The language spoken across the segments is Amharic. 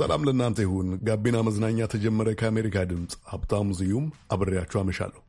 ሰላም ለእናንተ ይሁን። ጋቢና መዝናኛ ተጀመረ። ከአሜሪካ ድምፅ ሀብታሙ ዝዩም አብሬያችሁ አመሻለሁ።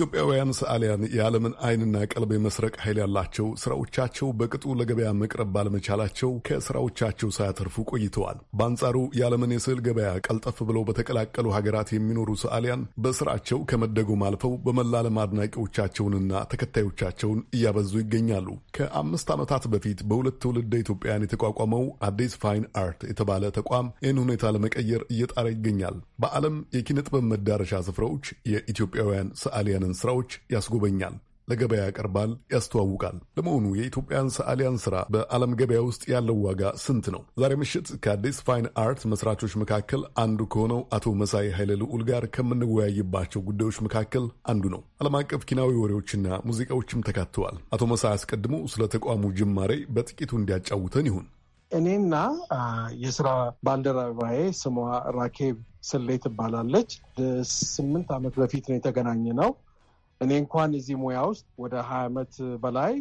ኢትዮጵያውያን ሰዓሊያን የዓለምን አይንና ቀልብ የመስረቅ ኃይል ያላቸው ስራዎቻቸው በቅጡ ለገበያ መቅረብ ባለመቻላቸው ከስራዎቻቸው ሳያተርፉ ቆይተዋል። በአንጻሩ የዓለምን የስዕል ገበያ ቀልጠፍ ብለው በተቀላቀሉ ሀገራት የሚኖሩ ሰዓሊያን በስራቸው ከመደጎም አልፈው በመላለም አድናቂዎቻቸውንና ተከታዮቻቸውን እያበዙ ይገኛሉ። ከአምስት ዓመታት በፊት በሁለት ትውልደ ኢትዮጵያን የተቋቋመው አዲስ ፋይን አርት የተባለ ተቋም ይህን ሁኔታ ለመቀየር እየጣረ ይገኛል። በዓለም የኪነጥበብ መዳረሻ ስፍራዎች የኢትዮጵያውያን ሰዓሊያንን የኢትዮጵያውያንን ስራዎች ያስጎበኛል፣ ለገበያ ያቀርባል፣ ያስተዋውቃል። ለመሆኑ የኢትዮጵያን ሰዓሊያን ስራ በዓለም ገበያ ውስጥ ያለው ዋጋ ስንት ነው? ዛሬ ምሽት ከአዲስ ፋይን አርት መስራቾች መካከል አንዱ ከሆነው አቶ መሳይ ኃይለ ልዑል ጋር ከምንወያይባቸው ጉዳዮች መካከል አንዱ ነው። ዓለም አቀፍ ኪናዊ ወሬዎችና ሙዚቃዎችም ተካተዋል። አቶ መሳይ አስቀድሞ ስለ ተቋሙ ጅማሬ በጥቂቱ እንዲያጫውተን ይሁን። እኔና የስራ ባልደረባዬ ስሟ ራኬብ ስሌ ትባላለች። ስምንት ዓመት በፊት ነው የተገናኘ ነው። እኔ እንኳን እዚህ ሙያ ውስጥ ወደ ሀያ ዓመት በላይ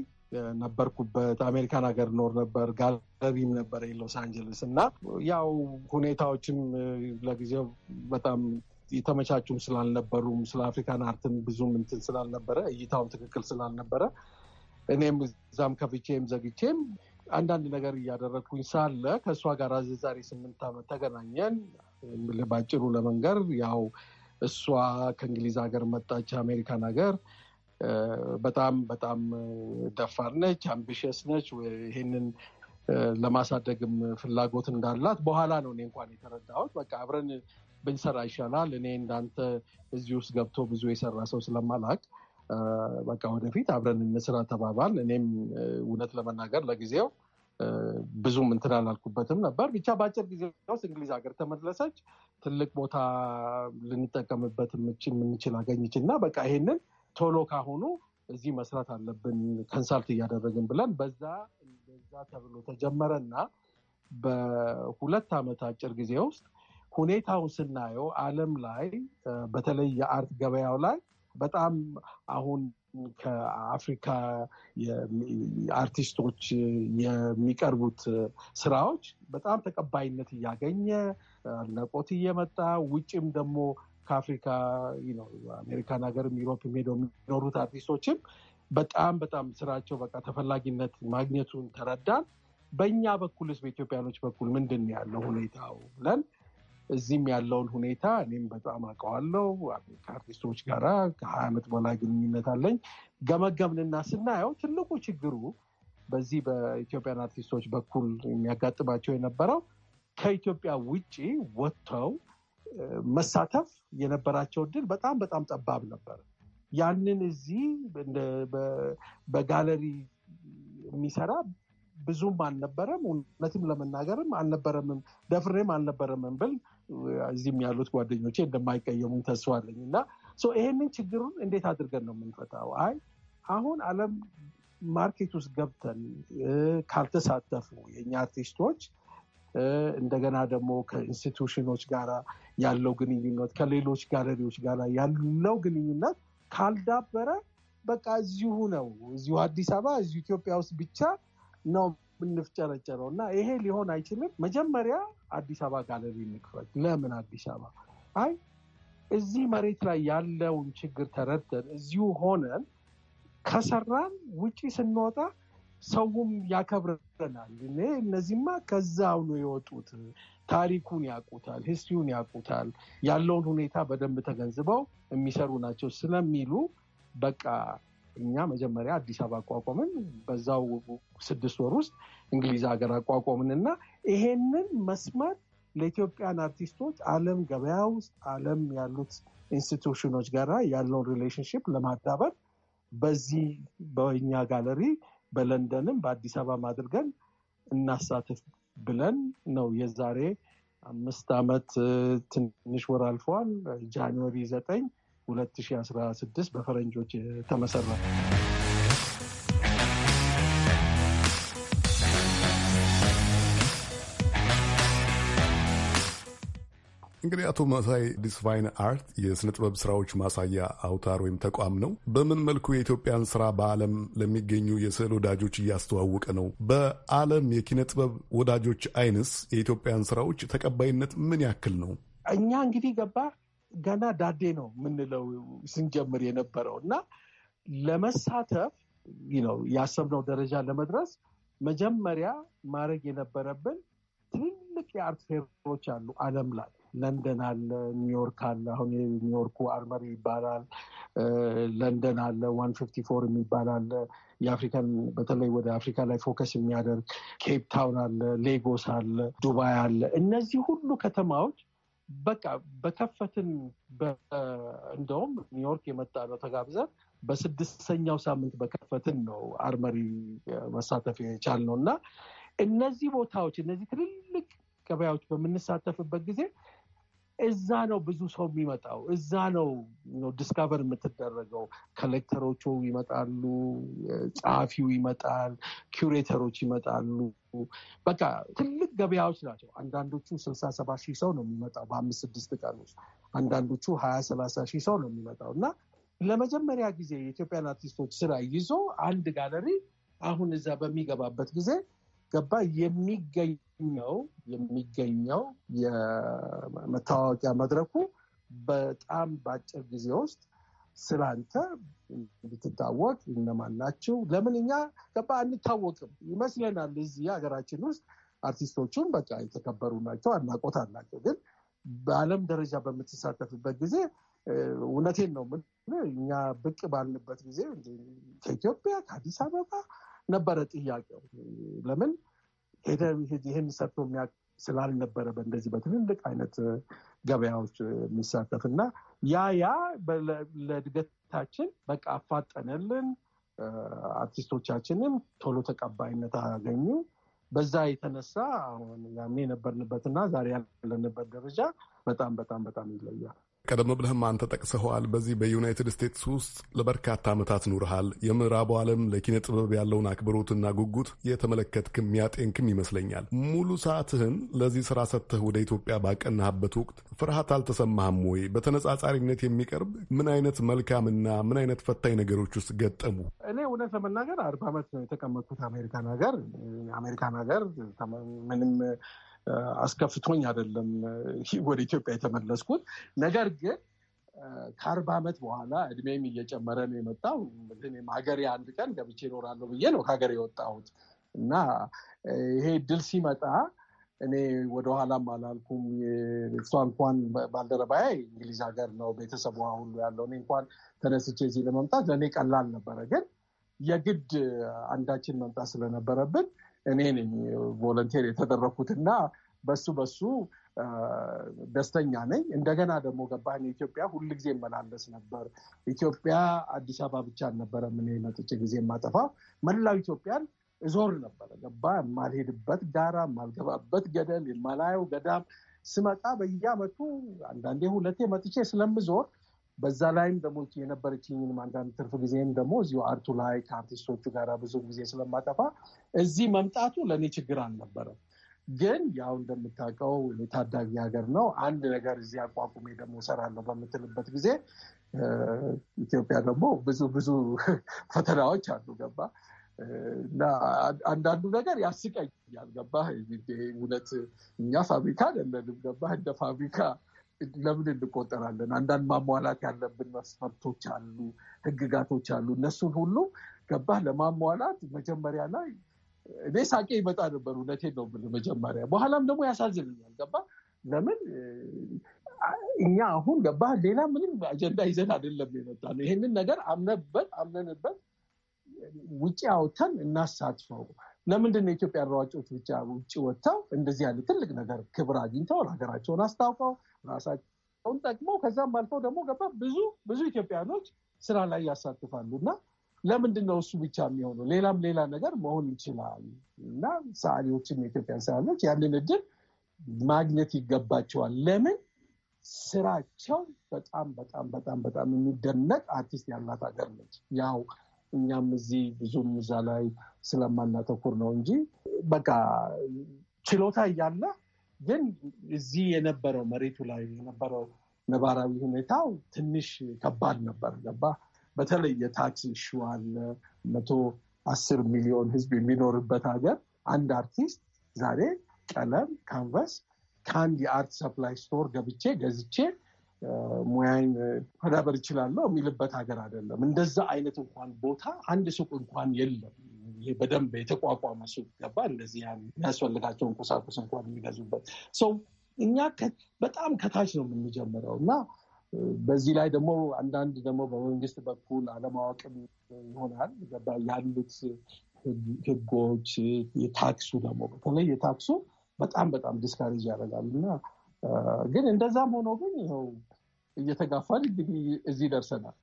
ነበርኩበት። አሜሪካን ሀገር ኖር ነበር ጋለሪም ነበር የሎስ አንጀለስ እና ያው ሁኔታዎችም ለጊዜው በጣም የተመቻቹም ስላልነበሩም ስለ አፍሪካን አርትን ብዙም እንትን ስላልነበረ እይታውም ትክክል ስላልነበረ እኔም እዛም ከፍቼም ዘግቼም አንዳንድ ነገር እያደረግኩኝ ሳለ ከእሷ ጋር ዛሬ ስምንት ዓመት ተገናኘን። ባጭሩ ለመንገር ያው እሷ ከእንግሊዝ ሀገር መጣች አሜሪካን ሀገር። በጣም በጣም ደፋር ነች፣ አምቢሽስ ነች። ይህንን ለማሳደግም ፍላጎት እንዳላት በኋላ ነው እኔ እንኳን የተረዳሁት። በቃ አብረን ብንሰራ ይሻላል። እኔ እንዳንተ እዚህ ውስጥ ገብቶ ብዙ የሰራ ሰው ስለማላቅ በቃ ወደፊት አብረን እንስራ ተባባል። እኔም እውነት ለመናገር ለጊዜው ብዙም እንትን አላልኩበትም ነበር። ብቻ በአጭር ጊዜ ውስጥ እንግሊዝ ሀገር ተመለሰች። ትልቅ ቦታ ልንጠቀምበት የምንችል አገኘች እና በቃ ይሄንን ቶሎ ካሁኑ እዚህ መስራት አለብን ከንሳልት እያደረግን ብለን በዛ እንደዛ ተብሎ እና በሁለት ዓመት አጭር ጊዜ ውስጥ ሁኔታውን ስናየው ዓለም ላይ በተለይ የአርት ገበያው ላይ በጣም አሁን ከአፍሪካ አርቲስቶች የሚቀርቡት ስራዎች በጣም ተቀባይነት እያገኘ አድናቆት እየመጣ ውጭም ደግሞ ከአፍሪካ አሜሪካን ሀገርም ዩሮፕ ሄደው የሚኖሩት አርቲስቶችም በጣም በጣም ስራቸው በቃ ተፈላጊነት ማግኘቱን ተረዳን። በእኛ በኩልስ በኢትዮጵያኖች በኩል ምንድን ያለው ሁኔታው ብለን እዚህም ያለውን ሁኔታ እኔም በጣም አውቀዋለሁ። ከአርቲስቶች ጋራ ከሀያ ዓመት በላይ ግንኙነት አለኝ። ገመገምንና ስናየው ትልቁ ችግሩ በዚህ በኢትዮጵያን አርቲስቶች በኩል የሚያጋጥማቸው የነበረው ከኢትዮጵያ ውጭ ወጥተው መሳተፍ የነበራቸው እድል በጣም በጣም ጠባብ ነበር። ያንን እዚህ በጋለሪ የሚሰራ ብዙም አልነበረም። እውነትም ለመናገርም አልነበረምም ደፍሬም አልነበረምም ብል እዚህም ያሉት ጓደኞቼ እንደማይቀየሙ ተስፋ አለኝ እና ይህንን ችግሩን እንዴት አድርገን ነው የምንፈታው? አይ አሁን አለም ማርኬት ውስጥ ገብተን ካልተሳተፉ የእኛ አርቲስቶች እንደገና ደግሞ ከኢንስቲቱሽኖች ጋር ያለው ግንኙነት ከሌሎች ጋለሪዎች ጋር ያለው ግንኙነት ካልዳበረ በቃ እዚሁ ነው፣ እዚሁ አዲስ አበባ፣ እዚሁ ኢትዮጵያ ውስጥ ብቻ ነው የምንፍጨረጨረው እና ይሄ ሊሆን አይችልም። መጀመሪያ አዲስ አበባ ጋለሪ እንክፈት። ለምን አዲስ አበባ? አይ እዚህ መሬት ላይ ያለውን ችግር ተረድተን እዚሁ ሆነን ከሰራን ውጪ ስንወጣ ሰውም ያከብረናል። እኔ እነዚህማ ከዛው ነው የወጡት፣ ታሪኩን ያውቁታል፣ ሂስትሪውን ያውቁታል፣ ያለውን ሁኔታ በደንብ ተገንዝበው የሚሰሩ ናቸው ስለሚሉ በቃ እኛ መጀመሪያ አዲስ አበባ አቋቋምን። በዛው ስድስት ወር ውስጥ እንግሊዝ ሀገር አቋቋምን እና ይሄንን መስመር ለኢትዮጵያን አርቲስቶች ዓለም ገበያ ውስጥ ዓለም ያሉት ኢንስቲቱሽኖች ጋር ያለውን ሪሌሽንሽፕ ለማዳበር በዚህ በኛ ጋለሪ በለንደንም በአዲስ አበባም አድርገን እናሳትፍ ብለን ነው የዛሬ አምስት ዓመት ትንሽ ወር አልፏል። ጃንዋሪ ዘጠኝ 2016 በፈረንጆች ተመሰረተ። እንግዲህ አቶ መሳይ ዲስቫይን አርት የስነ ጥበብ ስራዎች ማሳያ አውታር ወይም ተቋም ነው። በምን መልኩ የኢትዮጵያን ስራ በዓለም ለሚገኙ የስዕል ወዳጆች እያስተዋወቀ ነው? በዓለም የኪነ ጥበብ ወዳጆች አይንስ የኢትዮጵያን ስራዎች ተቀባይነት ምን ያክል ነው? እኛ እንግዲህ ገባ ገና ዳዴ ነው የምንለው ስንጀምር የነበረው እና ለመሳተፍ ነው ያሰብነው ደረጃ ለመድረስ መጀመሪያ ማድረግ የነበረብን ትልቅ የአርት ፌሮች አሉ አለም ላይ ለንደን አለ፣ ኒውዮርክ አለ። አሁን ኒውዮርኩ አርመሪ ይባላል። ለንደን አለ፣ ዋን ፊፍቲ ፎር የሚባል አለ። የአፍሪካን በተለይ ወደ አፍሪካ ላይ ፎከስ የሚያደርግ ኬፕ ታውን አለ፣ ሌጎስ አለ፣ ዱባይ አለ። እነዚህ ሁሉ ከተማዎች በቃ በከፈትን። እንደውም ኒውዮርክ የመጣ ነው ተጋብዘን በስድስተኛው ሳምንት በከፈትን ነው አርመሪ መሳተፍ ነው እና እነዚህ ቦታዎች እነዚህ ትልልቅ ገበያዎች በምንሳተፍበት ጊዜ እዛ ነው ብዙ ሰው የሚመጣው። እዛ ነው ዲስካቨር የምትደረገው። ከሌክተሮቹ ይመጣሉ፣ ጸሐፊው ይመጣል፣ ኪውሬተሮች ይመጣሉ። በቃ ትልቅ ገበያዎች ናቸው። አንዳንዶቹ ስልሳ ሰባ ሺህ ሰው ነው የሚመጣው በአምስት ስድስት ቀን ውስጥ፣ አንዳንዶቹ ሀያ ሰላሳ ሺህ ሰው ነው የሚመጣው እና ለመጀመሪያ ጊዜ የኢትዮጵያን አርቲስቶች ስራ ይዞ አንድ ጋለሪ አሁን እዛ በሚገባበት ጊዜ ገባ የሚገኝ ነው የሚገኘው የመታወቂያ መድረኩ በጣም በአጭር ጊዜ ውስጥ ስላንተ እንድትታወቅ እነማን ናችሁ? ለምን እኛ ገባ አንታወቅም ይመስለናል። እዚህ ሀገራችን ውስጥ አርቲስቶቹም በቃ የተከበሩ ናቸው፣ አድናቆት አላቸው። ግን በአለም ደረጃ በምትሳተፍበት ጊዜ እውነቴን ነው እኛ ብቅ ባልንበት ጊዜ ከኢትዮጵያ ከአዲስ አበባ ነበረ ጥያቄው ለምን ሄደህ ይህን ሰርቶ የሚያውቅ ስላልነበረ በእንደዚህ በትልልቅ አይነት ገበያዎች የሚሳተፍ እና ያ ያ ለእድገታችን በቃ አፋጠነልን። አርቲስቶቻችንም ቶሎ ተቀባይነት አገኙ። በዛ የተነሳ አሁን ያኔ የነበርንበትና ዛሬ ያለንበት ደረጃ በጣም በጣም በጣም ይለያል። ቀደም ብለህም አንተ ጠቅሰኸዋል። በዚህ በዩናይትድ ስቴትስ ውስጥ ለበርካታ ዓመታት ኑርሃል። የምዕራቡ ዓለም ለኪነ ጥበብ ያለውን አክብሮትና ጉጉት የተመለከትክም ያጤንክም ይመስለኛል። ሙሉ ሰዓትህን ለዚህ ስራ ሰጥተህ ወደ ኢትዮጵያ ባቀናህበት ወቅት ፍርሃት አልተሰማህም ወይ? በተነጻጻሪነት የሚቀርብ ምን አይነት መልካምና ምን አይነት ፈታኝ ነገሮች ውስጥ ገጠሙ? እኔ እውነት ለመናገር አርባ ዓመት ነው የተቀመጥኩት አሜሪካን ሀገር። አሜሪካን ሀገር ምንም አስከፍቶኝ አይደለም ወደ ኢትዮጵያ የተመለስኩት። ነገር ግን ከአርባ ዓመት በኋላ እድሜም እየጨመረ ነው የመጣው። ሀገሬ አንድ ቀን ገብቼ እኖራለሁ ብዬ ነው ከሀገር የወጣሁት እና ይሄ ድል ሲመጣ እኔ ወደኋላም አላልኩም። እሷ እንኳን ባልደረባዬ እንግሊዝ ሀገር ነው ቤተሰቧ ሁሉ ያለው። እኔ እንኳን ተነስቼ እዚህ ለመምጣት ለእኔ ቀላል ነበረ፣ ግን የግድ አንዳችን መምጣት ስለነበረብን እኔ ነኝ ቮለንቴር የተደረኩትና በሱ በሱ ደስተኛ ነኝ። እንደገና ደግሞ ገባህን ኢትዮጵያ ሁል ጊዜ መላለስ ነበር። ኢትዮጵያ አዲስ አበባ ብቻ አልነበረ ምን መጥቼ ጊዜ ማጠፋ መላው ኢትዮጵያን እዞር ነበረ። ገባ የማልሄድበት ጋራ፣ የማልገባበት ገደል፣ የማላየው ገዳም ስመጣ በየአመቱ አንዳንዴ ሁለቴ መጥቼ ስለምዞር በዛ ላይም ደግሞ የነበረችኝን አንዳንድ ትርፍ ጊዜም ደግሞ እዚሁ አርቱ ላይ ከአርቲስቶቹ ጋር ብዙ ጊዜ ስለማጠፋ እዚህ መምጣቱ ለእኔ ችግር አልነበረም። ግን ያው እንደምታውቀው የታዳጊ ሀገር ነው። አንድ ነገር እዚህ አቋቁሜ ደግሞ እሰራለሁ በምትልበት ጊዜ ኢትዮጵያ ደግሞ ብዙ ብዙ ፈተናዎች አሉ። ገባ እና አንዳንዱ ነገር ያስቀኛል። ገባ እውነት እኛ ፋብሪካ አይደለንም። ገባ እንደ ፋብሪካ ለምን እንቆጠራለን? አንዳንድ ማሟላት ያለብን መስፈርቶች አሉ፣ ህግጋቶች አሉ። እነሱን ሁሉ ገባህ ለማሟላት መጀመሪያ ላይ እኔ ሳቄ ይመጣ ነበር። እውነቴን ነው የምልህ። መጀመሪያ በኋላም ደግሞ ያሳዝንኛል። ገባህ ለምን እኛ አሁን ገባህ ሌላ ምንም አጀንዳ ይዘን አይደለም የመጣ ነው። ይህንን ነገር አምነበት አምነንበት ውጪ አውተን እናሳትፈው ለምንድን የኢትዮጵያ ሯጮች ብቻ ውጭ ወጥተው እንደዚህ ያለ ትልቅ ነገር ክብር አግኝተው ሀገራቸውን አስታውቀው ራሳቸውን ጠቅመው ከዛም አልፈው ደግሞ ገባ ብዙ ብዙ ኢትዮጵያኖች ስራ ላይ ያሳትፋሉ እና ለምንድን ነው እሱ ብቻ የሚሆነው? ሌላም ሌላ ነገር መሆን ይችላል እና ሰዓሊዎችም የኢትዮጵያን ሰዓሊዎች ያንን እድል ማግኘት ይገባቸዋል። ለምን ስራቸው በጣም በጣም በጣም በጣም የሚደነቅ አርቲስት ያላት ሀገር ነች። ያው እኛም እዚህ ብዙም እዛ ላይ ስለማናተኩር ነው እንጂ በቃ ችሎታ እያለ ግን እዚህ የነበረው መሬቱ ላይ የነበረው ነባራዊ ሁኔታው ትንሽ ከባድ ነበር። ገባ በተለይ የታክስ ኢሹ አለ። መቶ አስር ሚሊዮን ህዝብ የሚኖርበት ሀገር አንድ አርቲስት ዛሬ ቀለም፣ ካንቨስ ከአንድ የአርት ሰፕላይ ስቶር ገብቼ ገዝቼ ሙያይን ማዳበር ይችላለሁ የሚልበት ሀገር አይደለም። እንደዛ አይነት እንኳን ቦታ አንድ ሱቅ እንኳን የለም። ይሄ በደንብ የተቋቋመ ሱቅ ገባ እንደዚህ የሚያስፈልጋቸውን ቁሳቁስ እንኳን የሚገዙበት ሰው እኛ በጣም ከታች ነው የምንጀምረው እና በዚህ ላይ ደግሞ አንዳንድ ደግሞ በመንግስት በኩል አለማወቅም ይሆናል ያሉት ህጎች የታክሱ ደግሞ በተለይ የታክሱ በጣም በጣም ዲስካሬጅ ያደርጋል እና ግን እንደዛም ሆኖ ግን ይኸው እየተጋፋን እንግዲህ እዚህ ደርሰናል።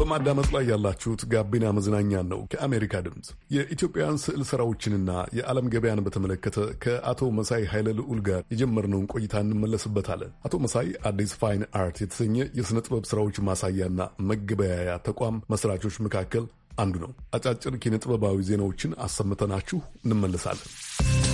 በማዳመጥ ላይ ያላችሁት ጋቢና መዝናኛ ነው ከአሜሪካ ድምፅ። የኢትዮጵያን ስዕል ስራዎችንና የዓለም ገበያን በተመለከተ ከአቶ መሳይ ኃይለ ልዑል ጋር የጀመርነውን ቆይታ እንመለስበታለን። አቶ መሳይ አዲስ ፋይን አርት የተሰኘ የሥነ ጥበብ ስራዎች ማሳያና መገበያያ ተቋም መስራቾች መካከል አንዱ ነው። አጫጭር ኪነጥበባዊ ዜናዎችን አሰምተናችሁ እንመለሳለን።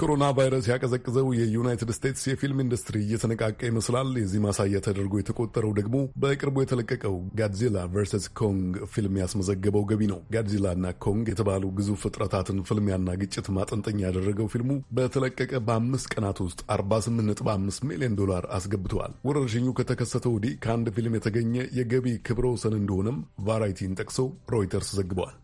ኮሮና ቫይረስ ያቀዘቅዘው የዩናይትድ ስቴትስ የፊልም ኢንዱስትሪ እየተነቃቀ ይመስላል። የዚህ ማሳያ ተደርጎ የተቆጠረው ደግሞ በቅርቡ የተለቀቀው ጋድዚላ ቨርሰስ ኮንግ ፊልም ያስመዘገበው ገቢ ነው። ጋድዚላ እና ኮንግ የተባሉ ግዙፍ ፍጥረታትን ፍልሚያና ግጭት ማጠንጠኛ ያደረገው ፊልሙ በተለቀቀ በአምስት ቀናት ውስጥ 48.5 ሚሊዮን ዶላር አስገብተዋል። ወረርሽኙ ከተከሰተ ወዲህ ከአንድ ፊልም የተገኘ የገቢ ክብረ ወሰን እንደሆነም ቫራይቲን ጠቅሰው ሮይተርስ ዘግበዋል።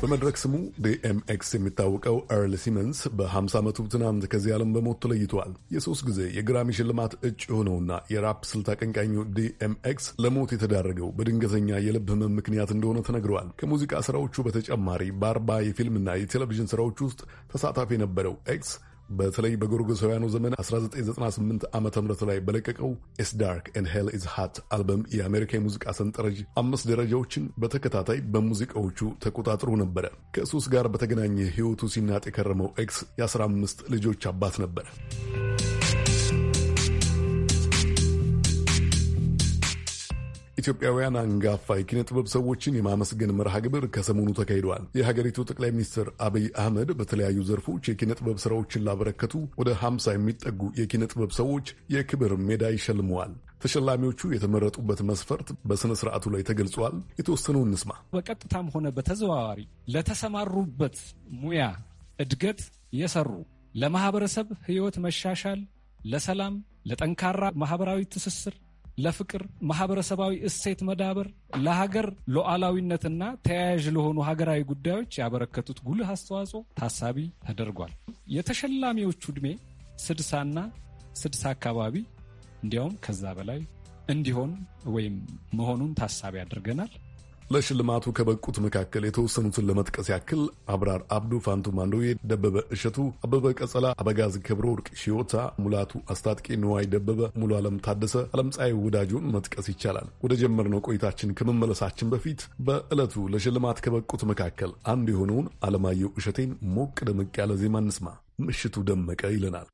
በመድረክ ስሙ ዲኤምኤክስ የሚታወቀው ኤርል ሲመንስ በ50 ዓመቱ ትናንት ከዚህ ዓለም በሞት ተለይተዋል። የሶስት ጊዜ የግራሚ ሽልማት እጩ የሆነውና የራፕ ስልት አቀንቃኙ ዲኤምኤክስ ለሞት የተዳረገው በድንገተኛ የልብ ህመም ምክንያት እንደሆነ ተነግረዋል። ከሙዚቃ ስራዎቹ በተጨማሪ በአርባ የፊልምና የቴሌቪዥን ስራዎች ውስጥ ተሳታፊ የነበረው ኤክስ በተለይ በጎርጎሳውያኑ ዘመን 1998 ዓ ም ላይ በለቀቀው ኢስ ዳርክ ኤንድ ሄል ኢዝ ሃት አልበም የአሜሪካ የሙዚቃ ሰንጠረዥ አምስት ደረጃዎችን በተከታታይ በሙዚቃዎቹ ተቆጣጥሮ ነበረ። ከሱስ ጋር በተገናኘ ሕይወቱ ሲናጥ የከረመው ኤክስ የ15 ልጆች አባት ነበረ። ኢትዮጵያውያን አንጋፋ የኪነ ጥበብ ሰዎችን የማመስገን መርሃ ግብር ከሰሞኑ ተካሂደዋል። የሀገሪቱ ጠቅላይ ሚኒስትር አብይ አህመድ በተለያዩ ዘርፎች የኪነ ጥበብ ስራዎችን ላበረከቱ ወደ 50 የሚጠጉ የኪነ ጥበብ ሰዎች የክብር ሜዳ ይሸልመዋል። ተሸላሚዎቹ የተመረጡበት መስፈርት በሥነ ሥርዓቱ ላይ ተገልጿል። የተወሰነውን እንስማ። በቀጥታም ሆነ በተዘዋዋሪ ለተሰማሩበት ሙያ እድገት የሰሩ ለማህበረሰብ ሕይወት መሻሻል፣ ለሰላም፣ ለጠንካራ ማህበራዊ ትስስር ለፍቅር ማህበረሰባዊ እሴት መዳበር፣ ለሀገር ሉዓላዊነትና ተያያዥ ለሆኑ ሀገራዊ ጉዳዮች ያበረከቱት ጉልህ አስተዋጽኦ ታሳቢ ተደርጓል። የተሸላሚዎቹ ዕድሜ ስድሳና ስድሳ አካባቢ እንዲያውም ከዛ በላይ እንዲሆን ወይም መሆኑን ታሳቢ አድርገናል። ለሽልማቱ ከበቁት መካከል የተወሰኑትን ለመጥቀስ ያክል አብራር አብዱ፣ ፋንቱ ማንዶዬ፣ ደበበ እሸቱ፣ አበበ ቀጸላ፣ አበጋዝ ክብረ ወርቅ ሺዮታ፣ ሙላቱ አስታጥቂ፣ ንዋይ ደበበ፣ ሙሉ ዓለም ታደሰ፣ ዓለምፀሐይ ወዳጁን መጥቀስ ይቻላል። ወደ ጀመርነው ቆይታችን ከመመለሳችን በፊት በዕለቱ ለሽልማት ከበቁት መካከል አንዱ የሆነውን አለማየሁ እሸቴን ሞቅ ደመቅ ያለ ዜማ እንስማ። ምሽቱ ደመቀ ይለናል።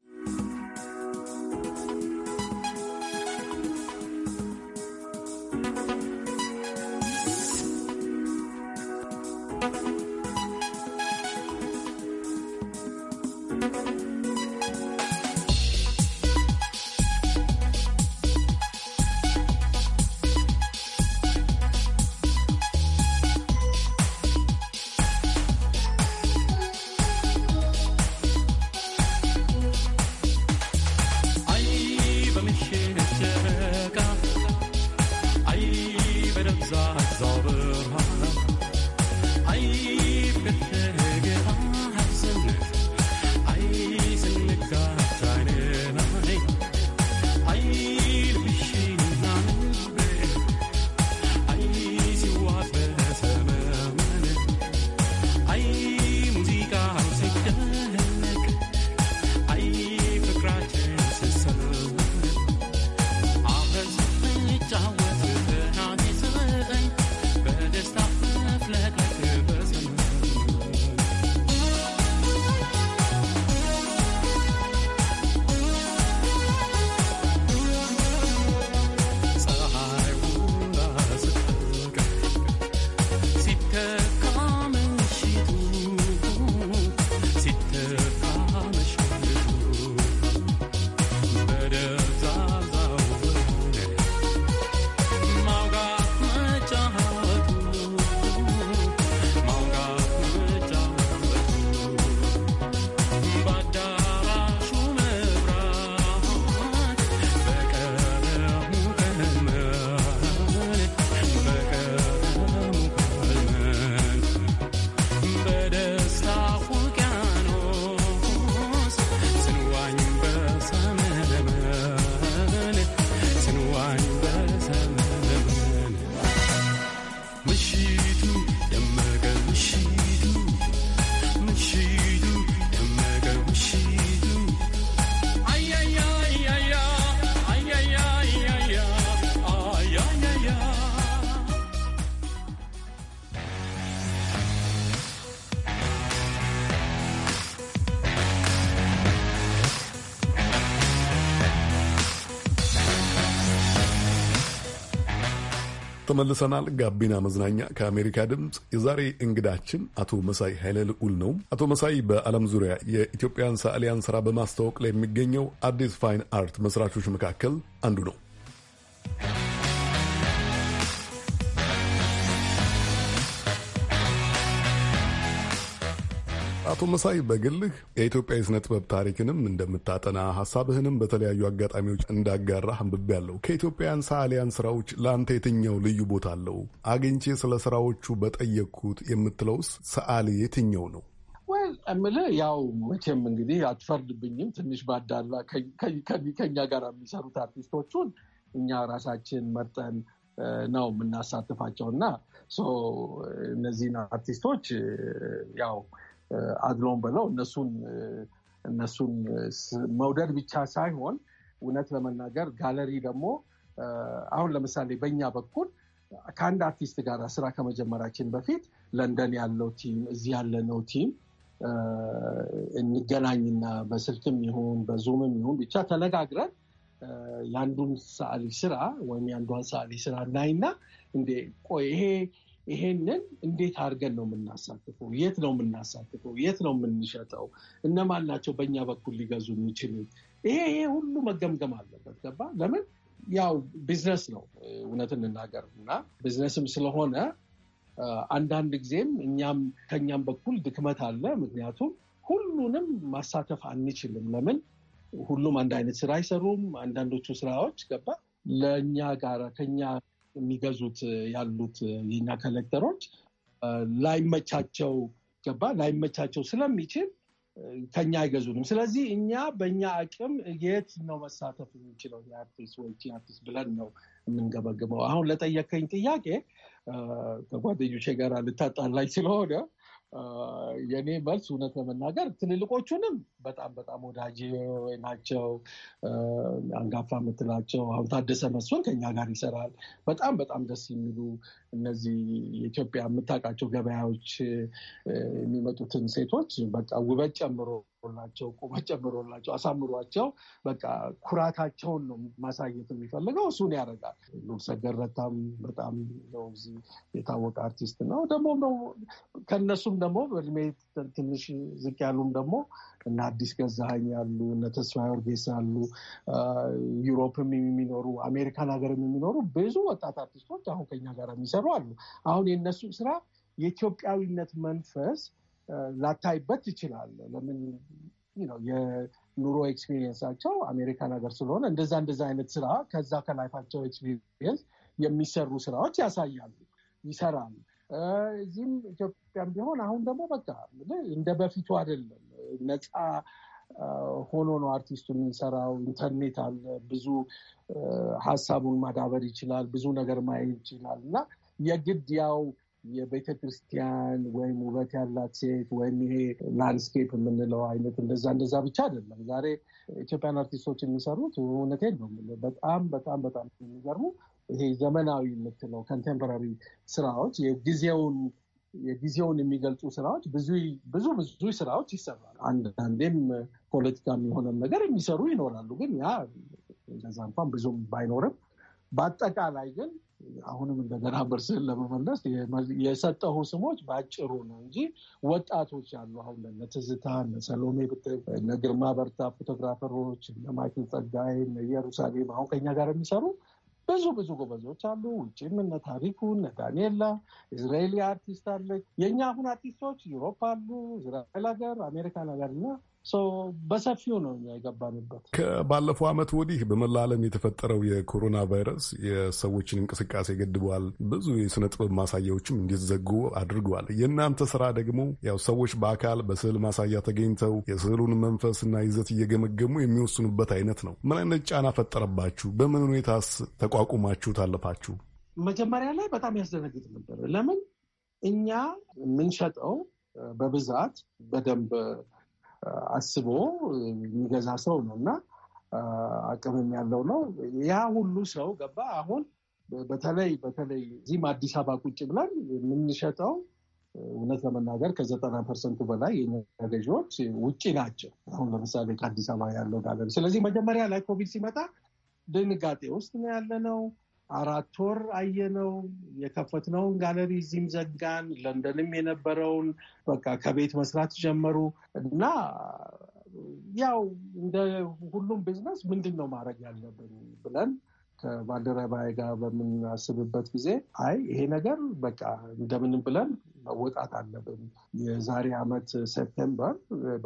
ተመልሰናል። ጋቢና መዝናኛ ከአሜሪካ ድምፅ። የዛሬ እንግዳችን አቶ መሳይ ኃይለ ልዑል ነው። አቶ መሳይ በዓለም ዙሪያ የኢትዮጵያን ሰዓሊያን ስራ በማስተዋወቅ ላይ የሚገኘው አዲስ ፋይን አርት መስራቾች መካከል አንዱ ነው። አቶ መሳይ በግልህ የኢትዮጵያ የስነ ጥበብ ታሪክንም እንደምታጠና ሀሳብህንም በተለያዩ አጋጣሚዎች አንብቤ ያለው ከኢትዮጵያውያን ሰዓሊያን ስራዎች ለአንተ የትኛው ልዩ ቦታ አለው? አግኝቼ ስለ ስራዎቹ በጠየቅኩት የምትለውስ ሰዓሊ የትኛው ነው? ምል ያው መቼም እንግዲህ አትፈርድብኝም። ትንሽ ባዳላ ከኛ ጋር የሚሰሩት አርቲስቶቹን እኛ ራሳችን መርጠን ነው የምናሳትፋቸው እና እነዚህን አርቲስቶች ያው አድሎን ብለው እነሱን እነሱን መውደድ ብቻ ሳይሆን እውነት ለመናገር ጋለሪ ደግሞ አሁን ለምሳሌ በእኛ በኩል ከአንድ አርቲስት ጋር ስራ ከመጀመራችን በፊት ለንደን ያለው ቲም እዚህ ያለነው ቲም እንገናኝና በስልክም ይሁን በዙምም ይሁን ብቻ ተነጋግረን የአንዱን ሰዓሊ ስራ ወይም የአንዷን ሰዓሊ ስራ እናይና እንዴ ቆይ ይሄ ይሄንን እንዴት አድርገን ነው የምናሳትፈው? የት ነው የምናሳትፈው? የት ነው የምንሸጠው? እነማን ናቸው በእኛ በኩል ሊገዙ የሚችሉት? ይሄ ይሄ ሁሉ መገምገም አለበት። ገባ? ለምን ያው ቢዝነስ ነው እውነት እንናገር እና ቢዝነስም ስለሆነ አንዳንድ ጊዜም እኛም ከእኛም በኩል ድክመት አለ። ምክንያቱም ሁሉንም ማሳተፍ አንችልም። ለምን ሁሉም አንድ አይነት ስራ አይሰሩም። አንዳንዶቹ ስራዎች ገባ ለእኛ ጋር ከኛ የሚገዙት ያሉት የኛ ከሌክተሮች ላይመቻቸው ገባ ላይመቻቸው ስለሚችል ከኛ አይገዙንም። ስለዚህ እኛ በእኛ አቅም የት ነው መሳተፍ የሚችለው የአርቲስት ወይ አርቲስት ብለን ነው የምንገበግበው። አሁን ለጠየከኝ ጥያቄ ከጓደኞቼ ጋር ልታጣላኝ ስለሆነ የኔ መልስ እውነት ለመናገር ትልልቆቹንም በጣም በጣም ወዳጅ ናቸው። አንጋፋ የምትላቸው አሁን ታደሰ መስፍን ከኛ ጋር ይሰራል። በጣም በጣም ደስ የሚሉ እነዚህ የኢትዮጵያ የምታውቃቸው ገበያዎች የሚመጡትን ሴቶች በቃ ውበት ጨምሮ ላቸው ቁመት ጨምሮላቸው አሳምሯቸው በቃ ኩራታቸውን ነው ማሳየት የሚፈልገው። እሱን ያደርጋል። ሉልሰገድ በጣም ነው እዚህ የታወቀ አርቲስት ነው። ደግሞ ከእነሱም ደግሞ በእድሜ ትንሽ ዝቅ ያሉም ደግሞ እነ አዲስ ገዛሀኝ ያሉ እነ ተስፋ ኦርጌስ አሉ። ዩሮፕም የሚኖሩ አሜሪካን ሀገርም የሚኖሩ ብዙ ወጣት አርቲስቶች አሁን ከኛ ጋር የሚሰሩ አሉ። አሁን የእነሱ ስራ የኢትዮጵያዊነት መንፈስ ላታይበት ይችላል። ለምን ነው የኑሮ ኤክስፒሪየንሳቸው አሜሪካን ሀገር ስለሆነ እንደዛ እንደዛ አይነት ስራ ከዛ ከላይፋቸው ኤክስፒሪየንስ የሚሰሩ ስራዎች ያሳያሉ፣ ይሰራል። እዚህም ኢትዮጵያም ቢሆን አሁን ደግሞ በቃ እንደ በፊቱ አይደለም። ነፃ ሆኖ ነው አርቲስቱ የሚሰራው። ኢንተርኔት አለ፣ ብዙ ሀሳቡን ማዳበር ይችላል፣ ብዙ ነገር ማየት ይችላል እና የግድ ያው የቤተ ክርስቲያን ወይም ውበት ያላት ሴት ወይም ይሄ ላንድስኬፕ የምንለው አይነት እንደዛ እንደዛ ብቻ አይደለም። ዛሬ ኢትዮጵያን አርቲስቶች የሚሰሩት እውነቴን ነው፣ በጣም በጣም በጣም የሚገርሙ ይሄ ዘመናዊ የምትለው ኮንቴምፖራሪ ስራዎች የጊዜውን የጊዜውን የሚገልጹ ስራዎች ብዙ ብዙ ብዙ ስራዎች ይሰራሉ። አንዳንዴም ፖለቲካ የሚሆነም ነገር የሚሰሩ ይኖራሉ። ግን ያ እንደዛ እንኳን ብዙም ባይኖርም በአጠቃላይ ግን አሁንም እንደገና በርስህን ለመመለስ የሰጠሁ ስሞች በአጭሩ ነው እንጂ ወጣቶች ያሉ አሁን እነ ትዝታ፣ እነ ሰሎሜ ብትል፣ እነ ግርማ በርታ ፎቶግራፈሮች፣ እነ ማይክል ጸጋይ፣ እነ ኢየሩሳሌም አሁን ከኛ ጋር የሚሰሩ ብዙ ብዙ ጎበዞች አሉ። ውጭም እነ ታሪኩ፣ እነ ዳንኤላ፣ እስራኤል አርቲስት አለች። የእኛ አሁን አርቲስቶች ዩሮፕ አሉ፣ እስራኤል ሀገር፣ አሜሪካን ሀገር እና በሰፊው ነው እኛ የገባንበት። ከባለፈው ዓመት ወዲህ በመላ ዓለም የተፈጠረው የኮሮና ቫይረስ የሰዎችን እንቅስቃሴ ገድበዋል። ብዙ የስነ ጥበብ ማሳያዎችም እንዲዘጉ አድርገዋል። የእናንተ ስራ ደግሞ ያው ሰዎች በአካል በስዕል ማሳያ ተገኝተው የስዕሉን መንፈስና ይዘት እየገመገሙ የሚወስኑበት አይነት ነው። ምን አይነት ጫና ፈጠረባችሁ? በምን ሁኔታስ ተቋቁማችሁ ታለፋችሁ? መጀመሪያ ላይ በጣም ያስደነግጥ ነበር። ለምን እኛ የምንሸጠው በብዛት በደንብ አስቦ የሚገዛ ሰው ነው እና አቅምም ያለው ነው። ያ ሁሉ ሰው ገባ። አሁን በተለይ በተለይ እዚህም አዲስ አበባ ቁጭ ብለን የምንሸጠው እውነት ለመናገር ከዘጠና ፐርሰንቱ በላይ የኛ ገዢዎች ውጭ ናቸው። አሁን ለምሳሌ ከአዲስ አበባ ያለው ጋር ስለዚህ መጀመሪያ ላይ ኮቪድ ሲመጣ ድንጋጤ ውስጥ ነው ያለ ነው። አራት ወር አየነው። የከፈትነውን ጋለሪ እዚህም ዘጋን። ለንደንም የነበረውን በቃ ከቤት መስራት ጀመሩ እና ያው እንደ ሁሉም ቢዝነስ ምንድን ነው ማድረግ ያለብን ብለን ከባልደረባዬ ጋር በምናስብበት ጊዜ አይ ይሄ ነገር በቃ እንደምንም ብለን መወጣት አለብን። የዛሬ ዓመት ሴፕቴምበር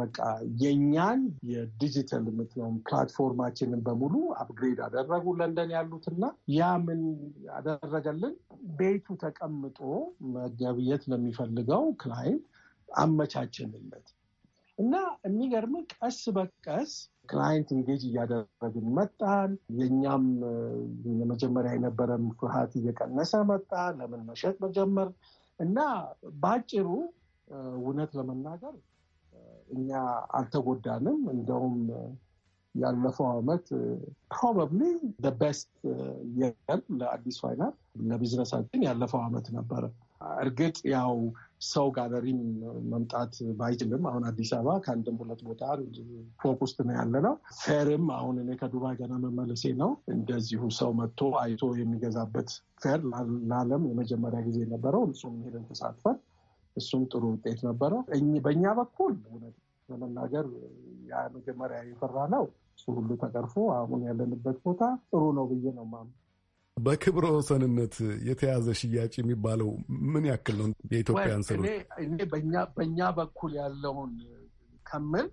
በቃ የኛን የዲጂታል የምትለውም ፕላትፎርማችንን በሙሉ አፕግሬድ አደረጉ ለንደን ያሉትና ያ ምን ያደረገልን ቤቱ ተቀምጦ መገብየት ለሚፈልገው ክላይንት አመቻችንለት እና የሚገርም ቀስ በቀስ ክላይንት እንጌጅ እያደረግን መጣን። የእኛም የመጀመሪያ የነበረም ፍርሃት እየቀነሰ መጣ። ለምን መሸጥ መጀመር እና በአጭሩ እውነት ለመናገር እኛ አልተጎዳንም። እንደውም ያለፈው ዓመት ፕሮባብሊ በስት የል ለአዲስ ፋይናል ለቢዝነሳችን ያለፈው ዓመት ነበረ። እርግጥ ያው ሰው ጋለሪ መምጣት ባይችልም አሁን አዲስ አበባ ከአንድም ሁለት ቦታ ፎቅ ውስጥ ነው ያለ ነው። ፌርም አሁን እኔ ከዱባይ ገና መመለሴ ነው። እንደዚሁ ሰው መጥቶ አይቶ የሚገዛበት ፌር ለዓለም የመጀመሪያ ጊዜ ነበረው። እሱም ሄደን ተሳትፈን እሱም ጥሩ ውጤት ነበረው። በእኛ በኩል እውነት ለመናገር የመጀመሪያ መጀመሪያ የፈራ ነው። እሱ ሁሉ ተቀርፎ አሁን ያለንበት ቦታ ጥሩ ነው ብዬ ነው ማምነው። በክብረ ወሰንነት የተያዘ ሽያጭ የሚባለው ምን ያክል ነው? የኢትዮጵያን ስ እኔ በእኛ በኩል ያለውን ከምል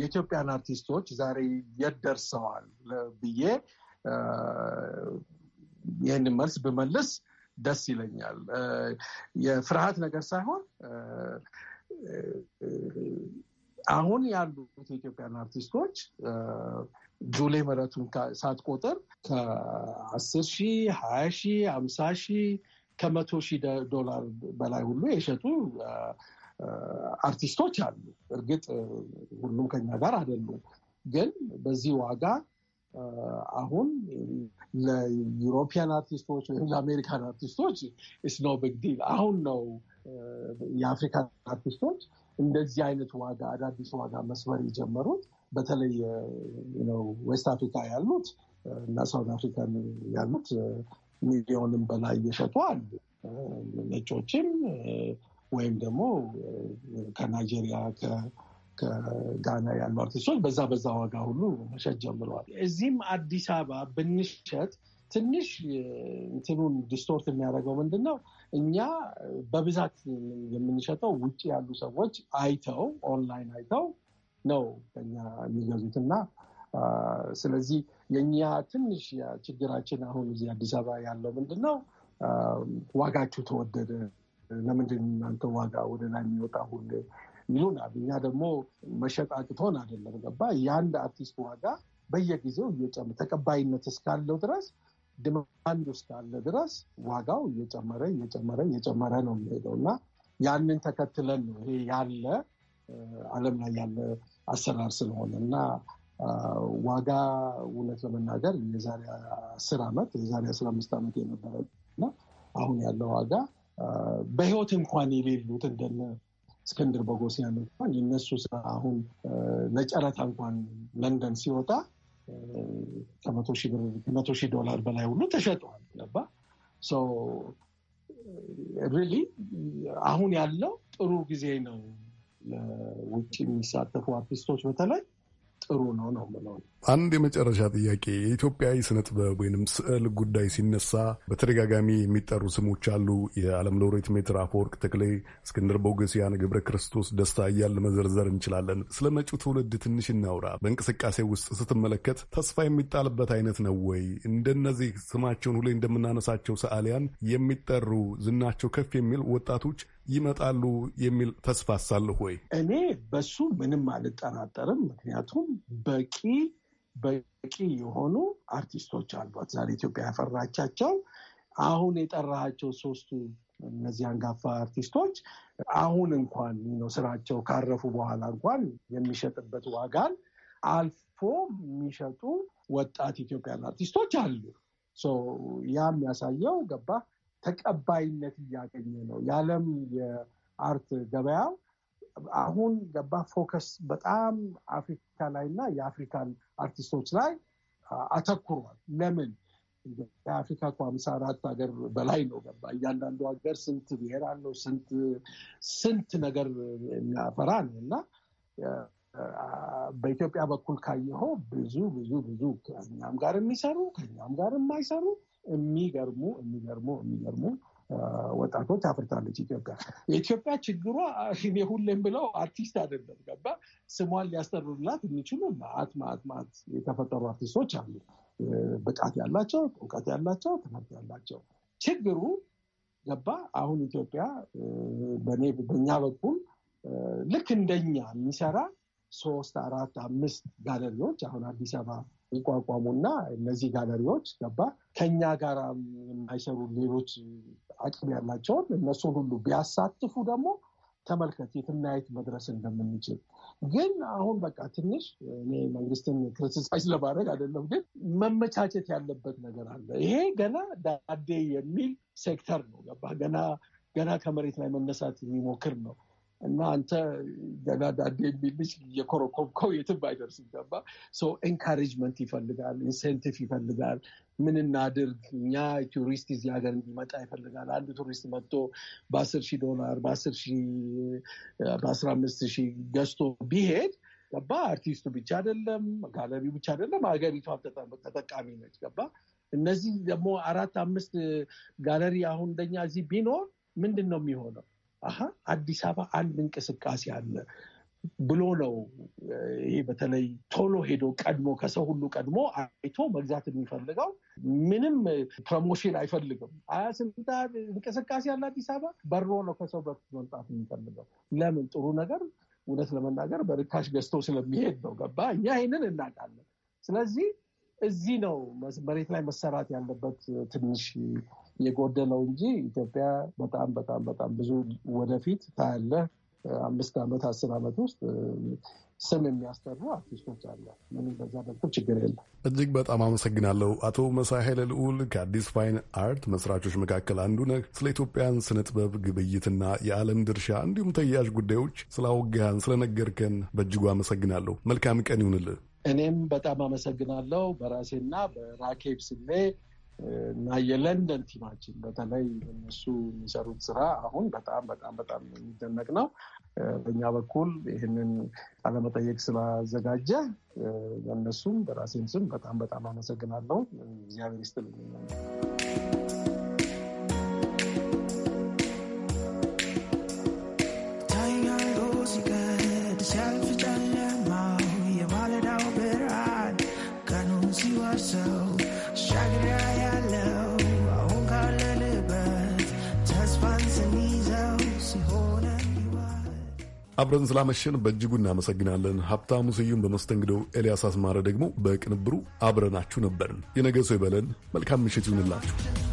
የኢትዮጵያን አርቲስቶች ዛሬ የት ደርሰዋል ብዬ ይህን መልስ ብመልስ ደስ ይለኛል። የፍርሃት ነገር ሳይሆን አሁን ያሉት የኢትዮጵያን አርቲስቶች ጁሌ ምሕረቱን ሳትቆጥር ከአስር ሺህ ሀያ ሺህ አምሳ ሺህ ከመቶ ሺህ ዶላር በላይ ሁሉ የሸጡ አርቲስቶች አሉ። እርግጥ ሁሉም ከኛ ጋር አይደሉም። ግን በዚህ ዋጋ አሁን ለዩሮፒያን አርቲስቶች ወይም ለአሜሪካን አርቲስቶች ኢስ ኖ ቢግ ዲል። አሁን ነው የአፍሪካን አርቲስቶች እንደዚህ አይነት ዋጋ አዳዲስ ዋጋ መስበር የጀመሩት። በተለይ ዌስት አፍሪካ ያሉት እና ሳውት አፍሪካን ያሉት ሚሊዮንም በላይ እየሸጡ አሉ። ነጮችም ወይም ደግሞ ከናይጄሪያ ከጋና ያሉ አርቲስቶች በዛ በዛ ዋጋ ሁሉ መሸጥ ጀምረዋል። እዚህም አዲስ አበባ ብንሸጥ ትንሽ እንትኑን ዲስቶርት የሚያደርገው ምንድን ነው? እኛ በብዛት የምንሸጠው ውጭ ያሉ ሰዎች አይተው ኦንላይን አይተው ነው ከኛ የሚገዙት እና ስለዚህ የእኛ ትንሽ ችግራችን አሁን እዚህ አዲስ አበባ ያለው ምንድን ነው? ዋጋችሁ ተወደደ፣ ለምንድን እናንተ ዋጋ ወደ ላይ የሚወጣ ሁሉ ይሉናል። እኛ ደግሞ መሸጥ አቅቶን አይደለም ገባ የአንድ አርቲስት ዋጋ በየጊዜው እየጨመ ተቀባይነት እስካለው ድረስ ድማንድ እስካለ ድረስ ዋጋው እየጨመረ እየጨመረ እየጨመረ ነው የሚሄደው እና ያንን ተከትለን ነው ይሄ ያለ ዓለም ላይ ያለ አሰራር ስለሆነ እና ዋጋ እውነት ለመናገር የዛሬ አስር ዓመት የዛሬ አስራ አምስት ዓመት የነበረ እና አሁን ያለው ዋጋ በህይወት እንኳን የሌሉት እንደነ እስክንድር ቦጎሲያን እንኳን የነሱ ስራ አሁን ለጨረታ እንኳን ለንደን ሲወጣ ከመቶ ሺህ ዶላር በላይ ሁሉ ተሸጠዋል። ገባ ሪሊ አሁን ያለው ጥሩ ጊዜ ነው። ለውጭ የሚሳተፉ አርቲስቶች በተለይ ጥሩ ነው ነው የምለው። አንድ የመጨረሻ ጥያቄ የኢትዮጵያዊ ስነ ጥበብ ወይንም ስዕል ጉዳይ ሲነሳ በተደጋጋሚ የሚጠሩ ስሞች አሉ። የዓለም ሎሬት ሜትር አፈወርቅ ተክሌ፣ እስክንድር ቦገሲያን፣ ገብረ ክርስቶስ ደስታ እያል መዘርዘር እንችላለን። ስለ መጪው ትውልድ ትንሽ እናውራ። በእንቅስቃሴ ውስጥ ስትመለከት ተስፋ የሚጣልበት አይነት ነው ወይ? እንደነዚህ ስማቸውን ሁሌ እንደምናነሳቸው ሰዓሊያን የሚጠሩ ዝናቸው ከፍ የሚል ወጣቶች ይመጣሉ የሚል ተስፋ አሳለሁ ወይ? እኔ በሱ ምንም አልጠራጠርም። ምክንያቱም በቂ በቂ የሆኑ አርቲስቶች አሏት ዛሬ ኢትዮጵያ ያፈራቻቸው። አሁን የጠራሃቸው ሶስቱ እነዚህ አንጋፋ አርቲስቶች አሁን እንኳን ነው ስራቸው ካረፉ በኋላ እንኳን የሚሸጥበት ዋጋን አልፎ የሚሸጡ ወጣት ኢትዮጵያን አርቲስቶች አሉ። ያ የሚያሳየው ገባ ተቀባይነት እያገኘ ነው። የዓለም የአርት ገበያው አሁን ገባ ፎከስ በጣም አፍሪካ ላይ እና የአፍሪካን አርቲስቶች ላይ አተኩሯል። ለምን የአፍሪካ እኮ ሀምሳ አራት ሀገር በላይ ነው ገባ እያንዳንዱ ሀገር ስንት ብሔር አለው ስንት ስንት ነገር የሚያፈራ ነው እና በኢትዮጵያ በኩል ካየኸው ብዙ ብዙ ብዙ ከኛም ጋር የሚሰሩ ከኛም ጋር የማይሰሩ የሚገርሙ የሚገርሙ የሚገርሙ ወጣቶች አፍርታለች ኢትዮጵያ። የኢትዮጵያ ችግሯ ሁሌም ብለው አርቲስት አይደለም ገባ ስሟን ሊያስጠሩላት የሚችሉ ማአት ማአት ማአት የተፈጠሩ አርቲስቶች አሉ። ብቃት ያላቸው፣ እውቀት ያላቸው፣ ትምህርት ያላቸው። ችግሩ ገባ አሁን ኢትዮጵያ በእኔ በኛ በኩል ልክ እንደኛ የሚሰራ ሶስት አራት አምስት ጋለሪዎች አሁን አዲስ አበባ ይቋቋሙና እነዚህ ጋለሪዎች ገባ ከኛ ጋር የማይሰሩ ሌሎች አቅም ያላቸውን እነሱን ሁሉ ቢያሳትፉ ደግሞ ተመልከት የትናየት መድረስ እንደምንችል። ግን አሁን በቃ ትንሽ እኔ መንግስትን ክርስሳይ ለማድረግ አይደለም፣ ግን መመቻቸት ያለበት ነገር አለ። ይሄ ገና ዳዴ የሚል ሴክተር ነው። ገባ ገና ገና ከመሬት ላይ መነሳት የሚሞክር ነው። እና አንተ ገና ዳዴ የሚል ልጅ የኮረኮብከው የትም አይደርስም። ገባ ኤንካሬጅመንት ይፈልጋል፣ ኢንሴንቲቭ ይፈልጋል። ምን እናድርግ እኛ ቱሪስት እዚህ ሀገር እንዲመጣ ይፈልጋል። አንድ ቱሪስት መጥቶ በአስር ሺህ ዶላር በአስር ሺህ በአስራ አምስት ሺህ ገዝቶ ቢሄድ ገባ አርቲስቱ ብቻ አይደለም፣ ጋለሪው ብቻ አይደለም፣ ሀገሪቷም ተጠቃሚ ነች። ገባ እነዚህ ደግሞ አራት አምስት ጋለሪ አሁን እንደኛ እዚህ ቢኖር ምንድን ነው የሚሆነው? አሀ አዲስ አበባ አንድ እንቅስቃሴ አለ ብሎ ነው። ይህ በተለይ ቶሎ ሄዶ ቀድሞ ከሰው ሁሉ ቀድሞ አይቶ መግዛት የሚፈልገው ምንም ፕሮሞሽን አይፈልግም። ስንታ እንቅስቃሴ ያለ አዲስ አበባ በሮ ነው ከሰው በፊት መምጣት የሚፈልገው። ለምን ጥሩ ነገር እውነት ለመናገር በርካሽ ገዝቶ ስለሚሄድ ነው። ገባ? እኛ ይህንን እናውቃለን። ስለዚህ እዚህ ነው መሬት ላይ መሰራት ያለበት ትንሽ የጎደለው እንጂ ኢትዮጵያ በጣም በጣም በጣም ብዙ ወደፊት ታያለ። አምስት ዓመት አስር ዓመት ውስጥ ስም የሚያስጠሩ አርቲስቶች አለ። ምንም በዛ በኩል ችግር የለም። እጅግ በጣም አመሰግናለሁ። አቶ መሳይ ኃይለ ልዑል ከአዲስ ፋይን አርት መስራቾች መካከል አንዱ ነህ። ስለ ኢትዮጵያን ስነ ጥበብ ግብይትና የዓለም ድርሻ እንዲሁም ተያያዥ ጉዳዮች ስላወጋህን፣ ስለነገርከን በእጅጉ አመሰግናለሁ። መልካም ቀን ይሁንልህ። እኔም በጣም አመሰግናለሁ በራሴና በራኬብ ስሜ እና የለንደን ቲማችን በተለይ እነሱ የሚሰሩት ስራ አሁን በጣም በጣም በጣም የሚደነቅ ነው። በእኛ በኩል ይህንን ቃለመጠየቅ ስላዘጋጀ በእነሱም በራሴም ስም በጣም በጣም አመሰግናለሁ። እግዚአብሔር ይስጥልኝ። Shagadaya አብረን ስላመሸን በእጅጉ እናመሰግናለን። ሀብታሙ ስዩም በመስተንግደው፣ ኤልያስ አስማረ ደግሞ በቅንብሩ አብረናችሁ ነበርን። የነገ ሰው ይበለን። መልካም ምሽት ይሁንላችሁ።